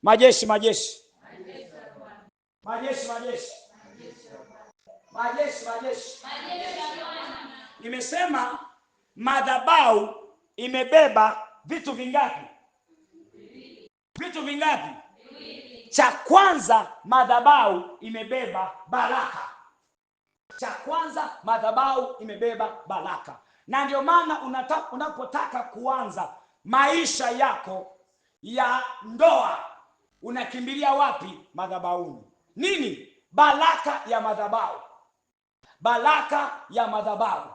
Majeshi, majeshi, majeshi, majeshi, majeshi, majeshi. Nimesema madhabau imebeba vitu vingapi? Vitu vingapi? Cha kwanza madhabau imebeba baraka. Cha kwanza madhabau imebeba baraka, na ndio maana unapotaka kuanza maisha yako ya ndoa unakimbilia wapi? Madhabahuni. Nini? Baraka ya madhabahu, baraka ya madhabahu.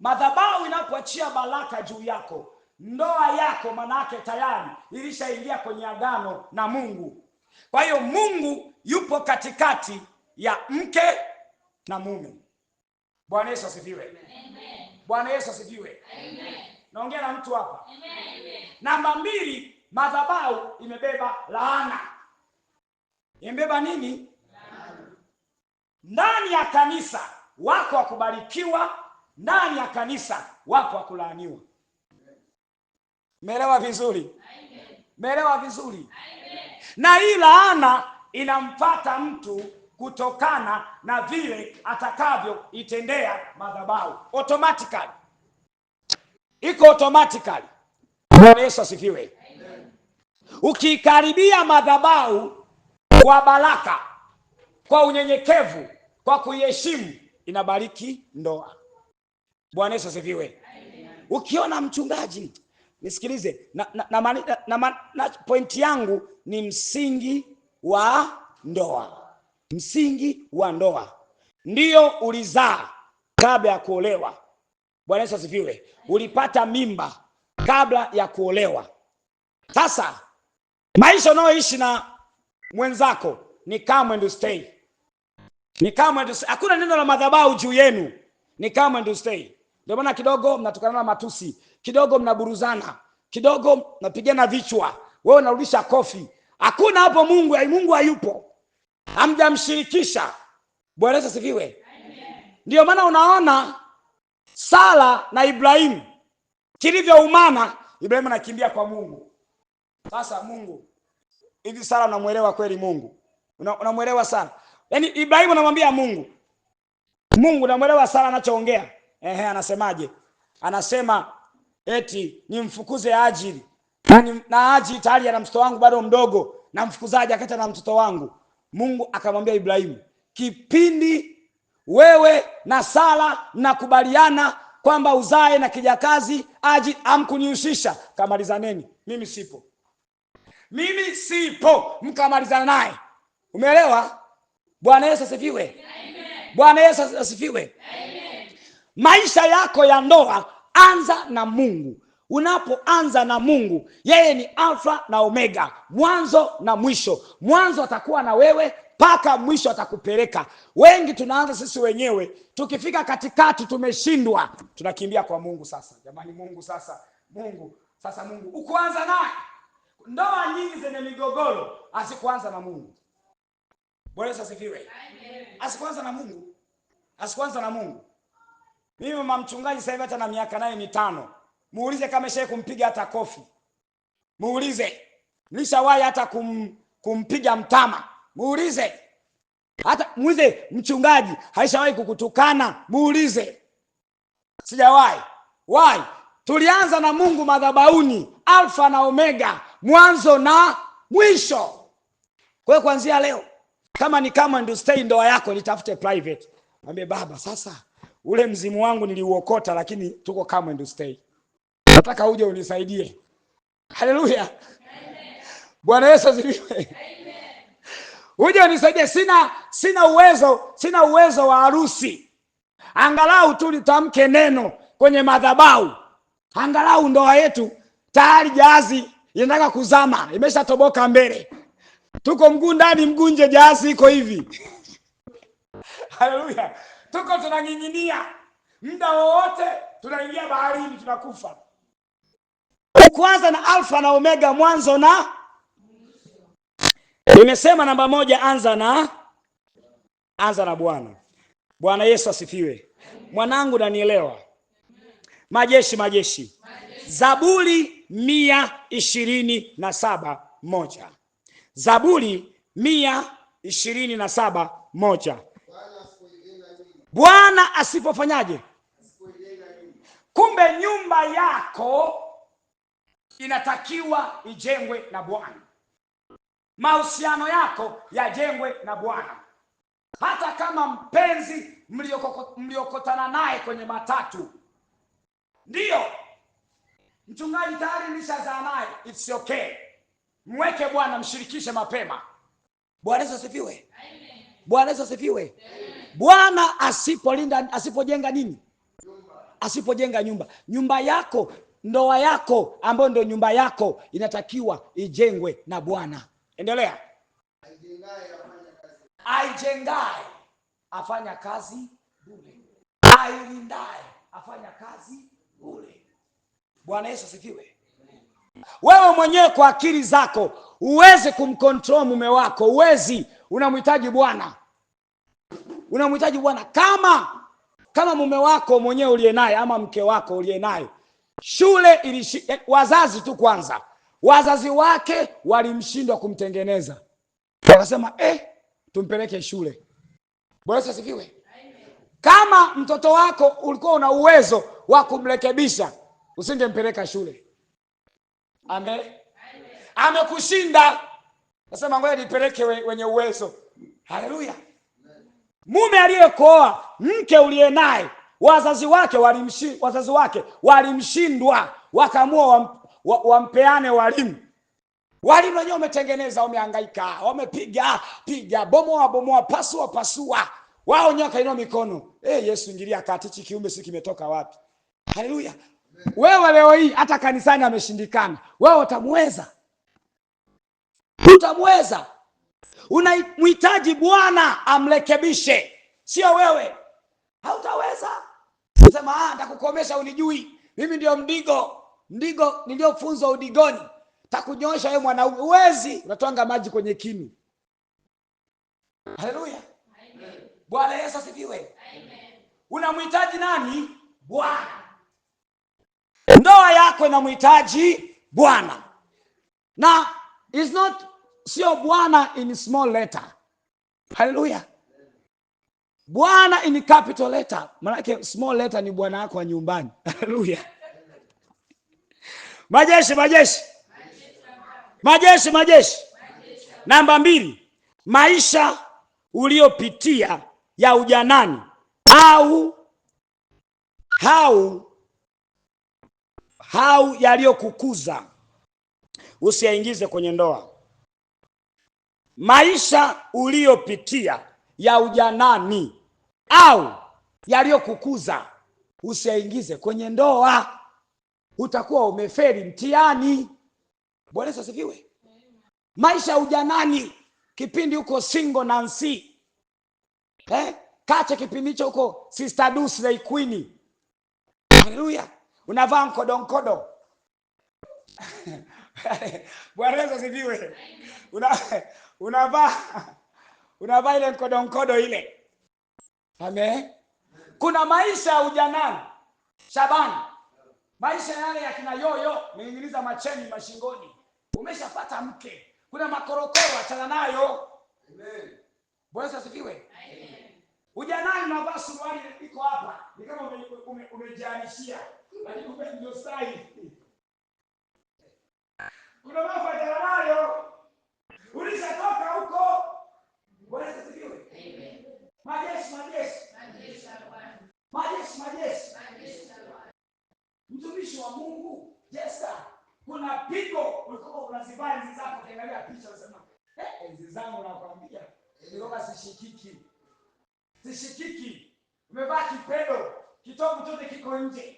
Madhabahu inapoachia baraka juu yako, ndoa yako manake tayari ilishaingia kwenye agano na Mungu. Kwa hiyo Mungu yupo katikati ya mke na mume. Bwana Yesu asifiwe. Bwana Yesu asifiwe. Naongea na mtu hapa. Namba mbili Madhabahu imebeba laana, imebeba nini? Ndani ya kanisa wako wakubarikiwa, ndani ya kanisa wako wakulaaniwa. Meelewa vizuri? Meelewa vizuri? Na hii laana inampata mtu kutokana na vile atakavyoitendea madhabahu automatically, iko automatically. Bwana Yesu asifiwe. Ukikaribia madhabahu kwa baraka, kwa unyenyekevu, kwa kuiheshimu, inabariki ndoa. Bwana Yesu asifiwe. Ukiona mchungaji, nisikilize na, na, na, na, na, na pointi yangu ni msingi wa ndoa, msingi wa ndoa ndiyo ulizaa kabla ya kuolewa. Bwana Yesu asifiwe. Ulipata mimba kabla ya kuolewa. Sasa Maisha unayoishi na mwenzako ni come and stay. Ni come and stay. Hakuna neno la madhabahu juu yenu. Ni come and stay. Ndio maana kidogo mnatukanana matusi, kidogo mnaburuzana, kidogo mnapigana vichwa. Wewe unarudisha kofi. Hakuna hapo Mungu, Mungu hayupo. Hamjamshirikisha. Bwana asifiwe. Ndio maana unaona Sala na Ibrahimu kilivyoumana, Ibrahimu anakimbia kwa Mungu. Sasa Mungu hivi, Sara unamwelewa kweli Mungu? Unamwelewa Sara? Yaani Ibrahimu anamwambia Mungu, Mungu unamwelewa Sara anachoongea? Ehe, anasemaje? Anasema eti nimfukuze Ajili na, na Ajili tayari ana mtoto wangu bado mdogo, namfukuzaje akati na mtoto wangu? Mungu akamwambia Ibrahimu, kipindi wewe na Sara mnakubaliana kwamba uzae na kijakazi Ajili amkunihusisha, kamalizaneni, mimi sipo mimi sipo, mkamalizana naye. Umeelewa? Bwana Yesu asifiwe. Bwana Yesu asifiwe. Maisha yako ya ndoa, anza na Mungu. Unapoanza na Mungu, yeye ni Alfa na Omega, mwanzo na mwisho. Mwanzo atakuwa na wewe mpaka mwisho atakupeleka. Wengi tunaanza sisi wenyewe, tukifika katikati tumeshindwa, tunakimbia kwa Mungu. Sasa jamani, Mungu sasa, Mungu sasa, Mungu ukuanza naye ndoa nyingi zenye migogoro asikuanza na Mungu. Bwana Yesu asifiwe. Asikuanza na Mungu, asikuanza na Mungu. Mimi mama mchungaji sasa hivi hata na miaka naye mitano, muulize kama shee kumpiga hata kofi, muulize nilishawahi hata kum, kumpiga mtama, muulize hata muulize mchungaji haishawahi kukutukana, muulize sijawahi. Why? Tulianza na Mungu madhabauni, Alfa na Omega mwanzo na mwisho. Kwa hiyo kuanzia leo, kama ni kama ndio stay ndoa yako, nitafute private, mwambie baba, sasa ule mzimu wangu niliuokota, lakini tuko kama ndio stay, nataka uje unisaidie. Haleluya, Bwana Yesu asifiwe. Uje unisaidie, sina sina uwezo, sina uwezo wa harusi, angalau tu nitamke neno kwenye madhabahu, angalau ndoa yetu tayari jazi inataka kuzama, imeshatoboka mbele, tuko mguu ndani mguu nje, jahazi iko hivi. Haleluya, tuko tunang'ing'inia, muda wowote tunaingia baharini, tunakufa. Kwanza na Alfa na Omega, mwanzo na nimesema namba moja, anza na anza na Bwana. Bwana Yesu asifiwe. Mwanangu, nanielewa? Majeshi, majeshi, Zaburi mia ishirini na saba moja Zaburi mia ishirini na saba moja Bwana asipofanyaje? Kumbe nyumba yako inatakiwa ijengwe na Bwana, mahusiano yako yajengwe na Bwana. Hata kama mpenzi mliokotana naye kwenye matatu, ndiyo Mchungaji tayari nishazaa naye, it's okay. Mweke Bwana, mshirikishe mapema. Bwana Yesu asifiwe. Amen. Bwana Yesu asifiwe. Bwana asipolinda, asipojenga nini? Asipojenga nyumba, nyumba yako, ndoa yako ambayo ndo nyumba yako inatakiwa ijengwe na Bwana. Endelea. aijengae afanya kazi bure, afanya kazi bure. Bwana Yesu asifiwe. Wewe mwenyewe kwa akili zako uwezi kumcontrol mume wako, uwezi Unamhitaji Bwana, unamhitaji Bwana. Kama kama mume wako mwenyewe uliye naye ama mke wako uliye naye shule ilishi, eh, wazazi tu kwanza, wazazi wake walimshindwa kumtengeneza, wakasema eh, tumpeleke shule. Bwana Yesu asifiwe. Kama mtoto wako ulikuwa una uwezo wa kumrekebisha usingempeleka shule. Ame amekushinda nasema, ngoja nipeleke wenye uwezo. Haleluya! Mume aliyekoa mke uliye naye, wazazi wake walimshi, wazazi wake walimshindwa, wakamua wam, wampeane walimu. Walimu wenyewe wametengeneza, wamehangaika, wamepiga piga, bomoa bomoa, pasua pasua, wao wenyewe wakainua mikono. Hey, eh, Yesu, ingilia kati, hichi kiumbe si kimetoka wapi? Haleluya! Wewe leo hii hata kanisani ameshindikana, wewe utamweza? Utamweza? Unamhitaji Bwana amrekebishe, sio wewe. Hautaweza sema ah, ntakukomesha, unijui mimi ndio mdigo, mdigo niliyofunzwa udigoni, takunyoosha wewe mwanaume, uwezi. Unatwanga maji kwenye kinu. Haleluya, Bwana Yesu asifiwe. Unamhitaji nani? Bwana Ndoa yako inamhitaji Bwana na is not, sio Bwana in small letter. Haleluya, Bwana in capital letter, manake small letter ni bwana yako wa nyumbani. Haleluya, majeshi majeshi majeshi majeshi. Namba mbili, maisha uliyopitia ya ujanani au au au yaliyokukuza usiyaingize kwenye ndoa. Maisha uliyopitia ya ujanani au yaliyokukuza usiyaingize kwenye ndoa, utakuwa umeferi mtihani. Bwana Yesu asifiwe. Maisha ya ujanani, kipindi huko single Nancy, eh? Kacha kipindi hicho huko sister Dusi na Haleluya unavaa mkodonkodo Bwana Yesu asifiwe. Una, unavaa unavaa ile mkodonkodo ile. Amen. Kuna maisha ya ujanani Shabani, maisha yale yakina yoyo meingiliza macheni mashingoni, umeshapata mke, kuna makorokoro, achana nayo. Amen. Bwana Yesu asifiwe. Ujanani unavaa suruali iko hapa, ni kama umejianishia ume, ume lakini kumbe ndio sahihi. Kuna mambo ajala ulishatoka huko. Bwana asifiwe. Majeshi, majeshi, majeshi, majeshi. Mtumishi wa Mungu Jesta, kuna pigo ulikuwa unazivaa enzi zako, ukiangalia picha unasema eh, enzi zangu nakwambia nilikuwa sishikiki, sishikiki. Umevaa kipendo, kitovu chote kiko nje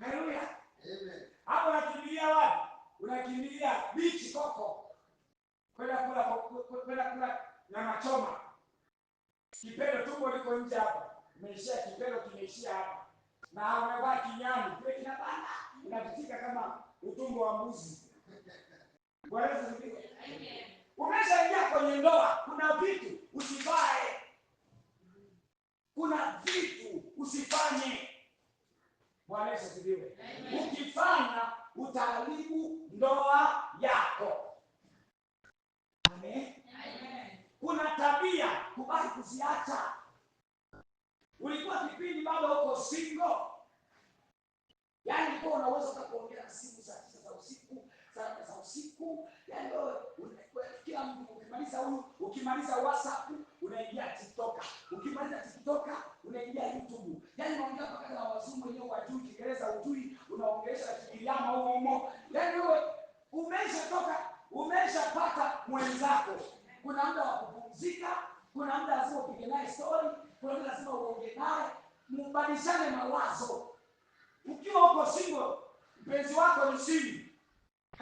Haleluya. Amen. Hapo unakimbilia wapi? Unakimbilia bichi koko. Kwenda kula kwenda kula nyama choma. Kipendo tumbo liko nje hapa. Imeishia kipendo kimeishia hapa. Na umevaa kinyani, kile kinabana. Unapitika kama utumbo wa mbuzi. Bwana asifiwe. Amen. Umeshaingia kwenye ndoa, kuna vitu usivae. Kuna vitu usifanye. Bwana Yesu asifiwe. Ukifanya utaharibu ndoa yako. Amen. Kuna tabia kubali kuziacha. Ulikuwa kipindi bado uko single, yaani ulikuwa unaweza kuongea simu saa tisa za usiku za usiku, yaani kila mtu ukimaliza huyu, ukimaliza WhatsApp unaingia TikTok, ukimaliza TikTok unaingia YouTube, unaongea mpaka na wazungu wenyewe wajui Kiingereza ujui, unaongelesha Kigiriama wewe umeshatoka, umeshapata mwenzako. Kuna muda wa kupumzika, kuna muda lazima upige naye story, kuna muda lazima uongee naye, mubadilishane mawazo. Ukiwa uko single, mpenzi wako ni single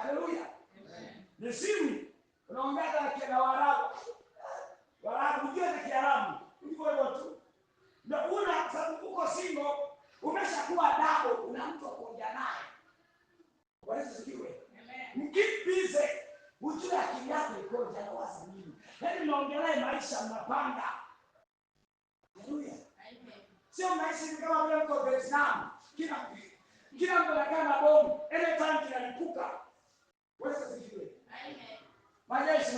Haleluya. Ni simu unaongea hata na Waarabu. Waarabu jana Kiarabu. Hivyo hivyo tu. Na una sababu uko single, umeshakuwa dabo, una mtu wa kuongea naye. Kwa hiyo Mkipize ujue akili yako ikoje na wazi nini. Yaani mnaongea maisha mnapanga. Haleluya. Sio maisha ni kama vile mko Vietnam. Kila kila mtu anakaa na bomu, anytime kinalipuka. Majeshi,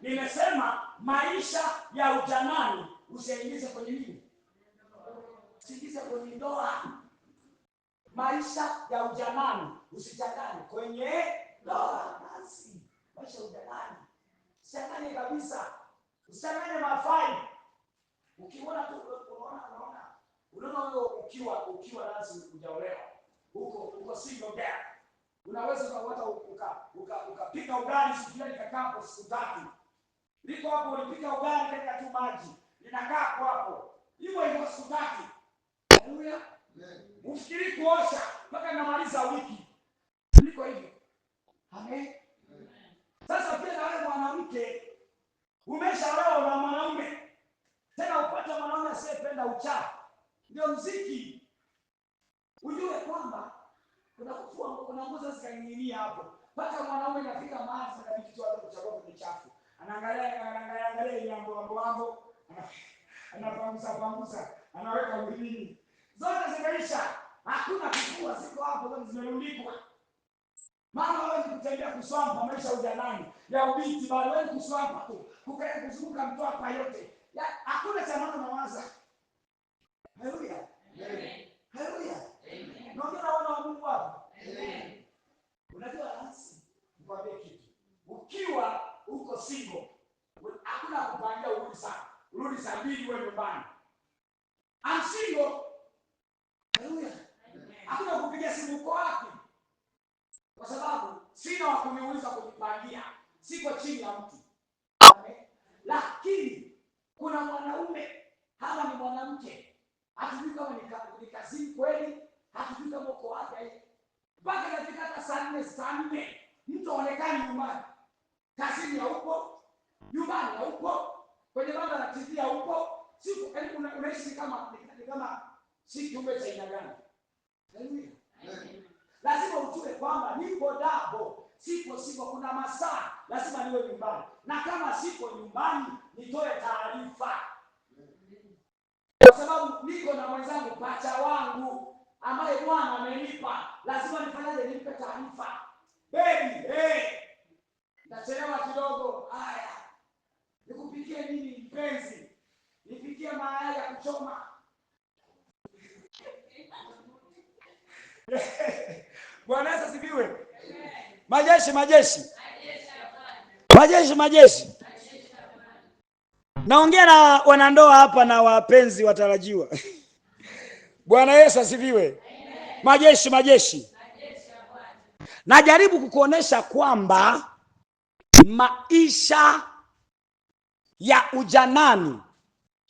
nimesema maisha ya ujanani usiingize kwenye nini? Usiingize kwenye ndoa. Maisha ya ujanani usichangane kwenye ndoa. Basi maisha ya ujanani usichangane kabisa, usichangane mafai. Ukiona tu unaona unaona ukiwa ukiwa lazima ujaolewa, huko uko single dad Unaweza ukauata ukapiga ugali sufuria likakaa hapo siku tatu, liko hapo, ulipika ugali kaeka tu maji linakaa kwa hapo hivyo hivyo siku tatu. Haleluya! Ufikiri kuosha mpaka namaliza wiki, liko hivyo. Amen. Sasa pia na wewe mwanamke umeshaolewa na mwanaume tena, upate mwanaume asiyependa uchafu, ndio mziki. Ujue kwamba kuna nguzo zikaingilia hapo mpaka mwanaume anafika mahali sasa bibi tu anataka kuchagua kwenye chafu, anaangalia anaangalia angalia ile mambo mambo mambo, anapangusa pangusa, anaweka ulimi, zote zimeisha, hakuna kifua, siko hapo kama zimerundikwa. Mama wewe kutembea kuswamba maisha ujanani ya ubinti, bali wewe kuswamba tu kukaa kuzunguka mtu hapa yote, hakuna cha maana mawaza. Haleluya, haleluya, amen. Naona Mungu Unajua rahisi, nikwambie kitu. Ukiwa uko single, hakuna kupangia urudi sana. Urudi saa mbili wewe nyumbani. I'm Haleluya. Hakuna kupiga simu uko wapi? Kwa sababu sina wa kuniuliza kujipangia. Siko chini ya mtu. Lakini kuna mwanaume, hama ni mwanamke. Hatujui kama ni kazini kweli akifika moko wake mpaka katika hata saa nne saa nne mtu aonekani nyumbani, kazini haupo, nyumbani huko, kwenye banda la TV ya huko, siku yaani una, unaishi kama ni kama si kiumbe cha aina gani? Lazima ujue kwamba niko dabo, siko siko, kuna masaa lazima niwe nyumbani, na kama siko nyumbani nitoe taarifa, kwa sababu niko na mwenzangu pacha ambaye Bwana amenipa, lazima nifanyaje? Nimpe taarifa. Baby, hey, nitachelewa kidogo. Haya, nikupikie nini mpenzi? Nipikie mayai ya kuchoma Bwana Yesu asifiwe. Majeshi, majeshi, majeshi, majeshi. Naongea na wanandoa hapa na wapenzi watarajiwa Bwana Yesu asifiwe. Majeshi, majeshi, Najaribu kukuonesha kwamba maisha ya ujanani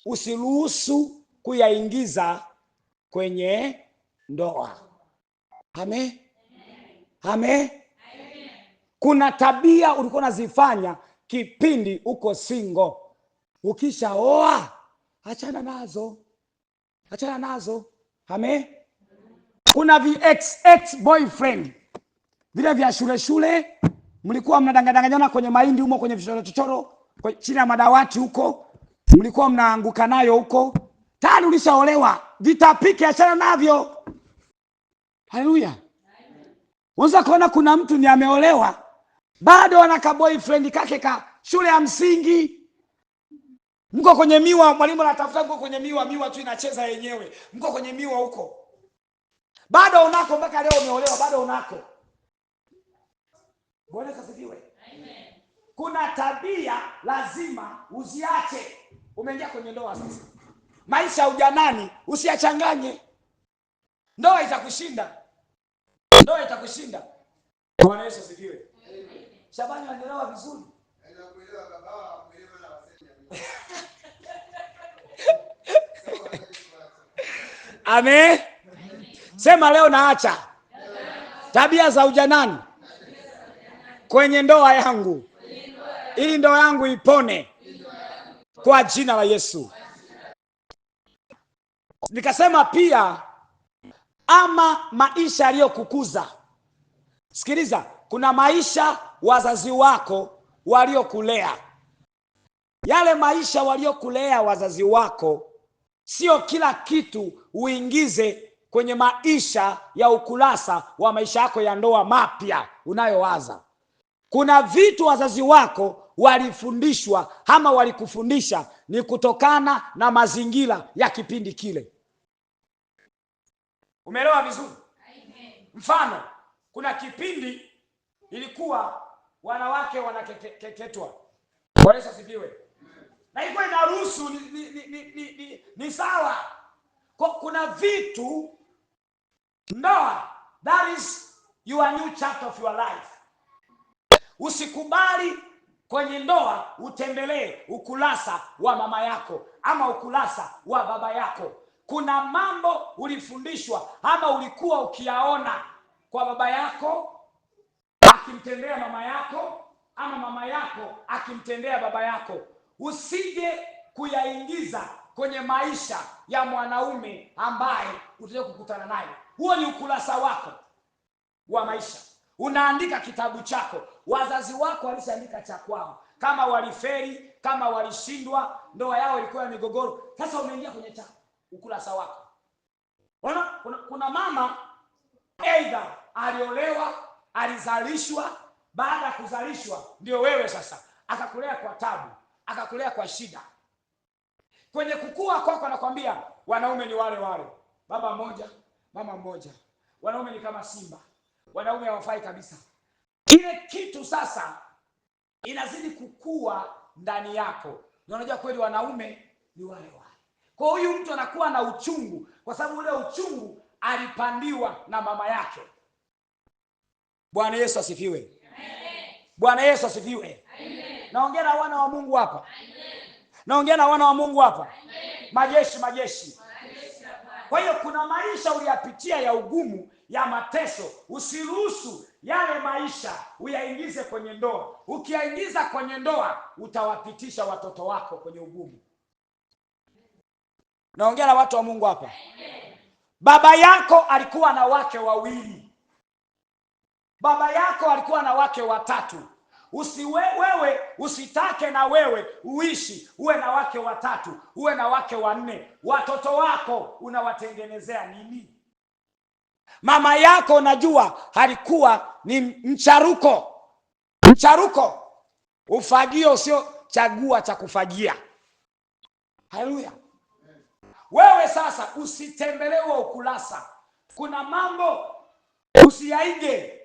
usiruhusu kuyaingiza kwenye ndoa. ame ame Kuna tabia ulikuwa unazifanya kipindi uko single, ukishaoa achana nazo, achana nazo Ame? Kuna vi ex ex boyfriend vile vya shule shule, mlikuwa mnadanganyana kwenye mahindi humo, kwenye vichoro chochoro, chini ya madawati huko, mlikuwa mnaanguka nayo huko. Tayari ulishaolewa, vitapike, achana navyo. Haleluya! Unaweza kuona kuna mtu ni ameolewa bado ana ka boyfriend kake ka shule ya msingi Mko kwenye miwa, mwalimu anatafuta, mko kwenye miwa, miwa tu inacheza yenyewe, mko kwenye miwa huko, bado unako mpaka leo, umeolewa bado unako. Bwana kasifiwe. Amen. Kuna tabia lazima uziache. Umeingia kwenye ndoa sasa, maisha ujanani usiyachanganye. Ndoa itakushinda, ndoa itakushinda. Bwana Yesu asifiwe. Shabani, wanaelewa vizuri? Amen. Sema leo naacha tabia za ujanani kwenye ndoa yangu ili ndoa yangu ipone kwa jina la Yesu. Nikasema pia ama maisha yaliyokukuza. Sikiliza, kuna maisha wazazi wako waliokulea yale maisha waliokulea wazazi wako, sio kila kitu uingize kwenye maisha ya ukurasa wa maisha yako ya ndoa mapya unayowaza. Kuna vitu wazazi wako walifundishwa ama walikufundisha ni kutokana na mazingira ya kipindi kile. Umeelewa vizuri? Mfano, kuna kipindi ilikuwa wanawake wanakeketwa. Bwana asifiwe na ilikuwa inaruhusu ni, ni, ni, ni, ni, ni sawa. Kwa kuna vitu ndoa, that is your new chapter of your life. Usikubali kwenye ndoa utembelee ukurasa wa mama yako ama ukurasa wa baba yako. Kuna mambo ulifundishwa ama ulikuwa ukiyaona kwa baba yako akimtendea mama yako ama mama yako akimtendea baba yako usije kuyaingiza kwenye maisha ya mwanaume ambaye utakuja kukutana naye. Huo ni ukurasa wako wa maisha, unaandika kitabu chako. Wazazi wako walishaandika cha kwao, kama waliferi, kama walishindwa, ndoa yao ilikuwa ya migogoro. Sasa umeingia kwenye cha ukurasa wako. Ona, kuna, kuna mama aidha aliolewa, alizalishwa, baada ya kuzalishwa ndio wewe sasa, akakulea kwa tabu akakulea kwa shida. Kwenye kukua kwako anakwambia wanaume ni wale wale, baba mmoja mama mmoja, wanaume ni kama simba, wanaume hawafai kabisa. Kile kitu sasa inazidi kukua ndani yako, na unajua kweli wanaume ni wale wale. Kwa huyu mtu anakuwa na uchungu, kwa sababu ule uchungu alipandiwa na mama yake. Bwana Yesu asifiwe! Bwana Yesu asifiwe! Naongea na wana wa Mungu hapa, naongea na wana wa Mungu hapa, majeshi majeshi. Kwa hiyo kuna maisha uliyapitia ya ugumu, ya mateso. Usiruhusu yale maisha uyaingize kwenye ndoa. Ukiyaingiza kwenye ndoa, utawapitisha watoto wako kwenye ugumu. Naongea na watu wa Mungu hapa. Baba yako alikuwa na wake wawili, baba yako alikuwa na wake watatu usiwe, wewe usitake na wewe uishi uwe na wake watatu uwe na wake wanne. Watoto wako unawatengenezea nini? Mama yako unajua alikuwa ni mcharuko, mcharuko, ufagio sio chagua cha kufagia. Haleluya! Wewe sasa usitembelewe ukurasa, kuna mambo usiyaige